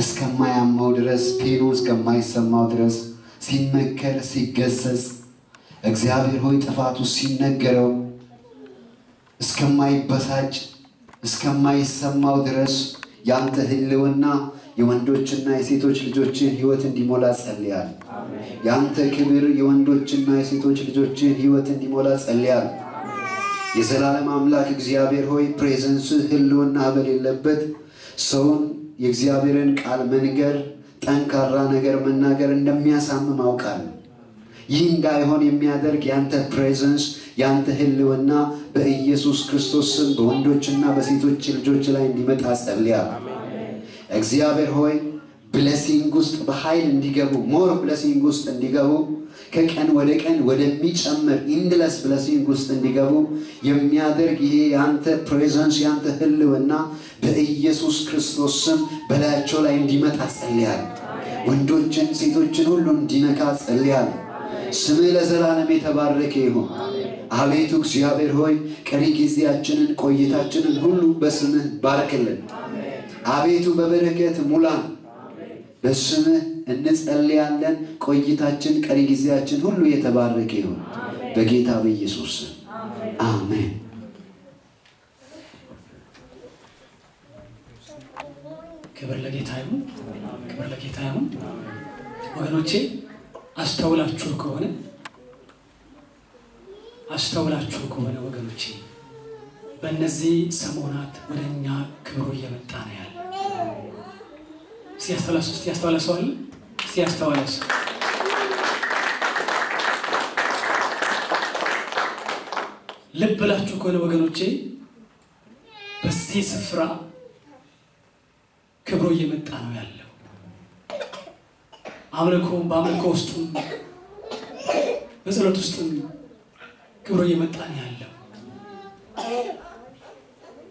እስከማያማው ድረስ ፔኑ እስከማይሰማው ድረስ ሲመከር ሲገሰጽ እግዚአብሔር ሆይ ጥፋቱ ሲነገረው እስከማይበሳጭ እስከማይሰማው ድረስ የአንተ ህልውና የወንዶችና የሴቶች ልጆችን ህይወት እንዲሞላ ጸልያል። የአንተ ክብር የወንዶችና የሴቶች ልጆችን ህይወት እንዲሞላ ጸልያል። የዘላለም አምላክ እግዚአብሔር ሆይ ፕሬዘንስ ህልውና በሌለበት ሰውን የእግዚአብሔርን ቃል መንገር፣ ጠንካራ ነገር መናገር እንደሚያሳምም አውቃለሁ። ይህ እንዳይሆን የሚያደርግ ያንተ ፕሬዘንስ፣ ያንተ ህልውና በኢየሱስ ክርስቶስ ስም በወንዶችና በሴቶች ልጆች ላይ እንዲመጣ ጸልያለሁ። እግዚአብሔር ሆይ ብለሲንግ ውስጥ በኃይል እንዲገቡ ሞር ብለሲንግ ውስጥ እንዲገቡ ከቀን ወደ ቀን ወደሚጨምር ኢንድለስ ብለሲንግ ውስጥ እንዲገቡ የሚያደርግ ይሄ የአንተ ፕሬዘንስ የአንተ ህልውና በኢየሱስ ክርስቶስ ስም በላያቸው ላይ እንዲመጣ ጸልያል። ወንዶችን ሴቶችን ሁሉ እንዲነካ ጸልያል። ስም ለዘላለም የተባረከ ይሁን። አቤቱ እግዚአብሔር ሆይ ቀሪ ጊዜያችንን ቆይታችንን ሁሉ በስምህ ባርክልን። አቤቱ በበረከት ሙላን። በስምህ እንጸልያለን። ቆይታችን፣ ቀሪ ጊዜያችን ሁሉ የተባረከ ይሁን በጌታ በኢየሱስ አሜን። ክብር ለጌታ ይሁን፣ ክብር ለጌታ ይሁን። ወገኖቼ አስተውላችሁ ከሆነ አስተውላችሁ ከሆነ ወገኖቼ በእነዚህ ሰሞናት ወደ እኛ ክብሩ እየመጣ ነው ያለ ሲያስተዋላ ሰው ሰው አለ ሲያስተዋላ ሰው ልብ ብላችሁ ከሆነ ወገኖቼ በዚህ ስፍራ ክብሮ እየመጣ ነው ያለው። አምልኮ በአምልኮ ውስጡም በጸሎት ውስጥም ክብሮ እየመጣ ነው ያለው።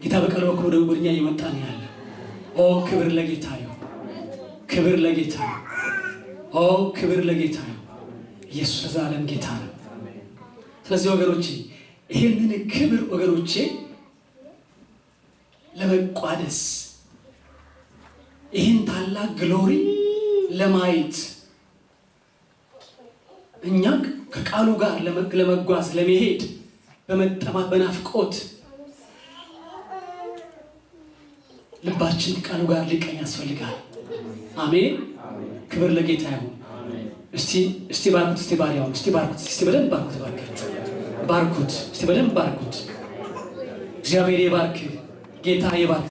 ጌታ በቃል በኩል ወደ እኛ እየመጣ ነው ያለው። ኦ ክብር ለጌታ ይሁን። ክብር ለጌታ ኦ ክብር ለጌታ ነው። ኢየሱስ ለዘላለም ጌታ ነው። ስለዚህ ወገኖቼ ይህንን ክብር ወገኖቼ ለመቋደስ ይህን ታላቅ ግሎሪ ለማየት እኛ ከቃሉ ጋር ለመጓዝ ለመሄድ በመጠማት በናፍቆት ልባችን ቃሉ ጋር ሊቀኝ ያስፈልጋል። አሜን። ክብር ለጌታ ይሁን። እስቲ እስቲ ባርኩት፣ እስቲ ባሪያውን እስቲ ባርኩት፣ እስቲ በደንብ ባርኩት፣ ባርካችሁ ባርኩት፣ እስቲ በደንብ ባርኩት። እግዚአብሔር የባርክ ጌታ የባርክ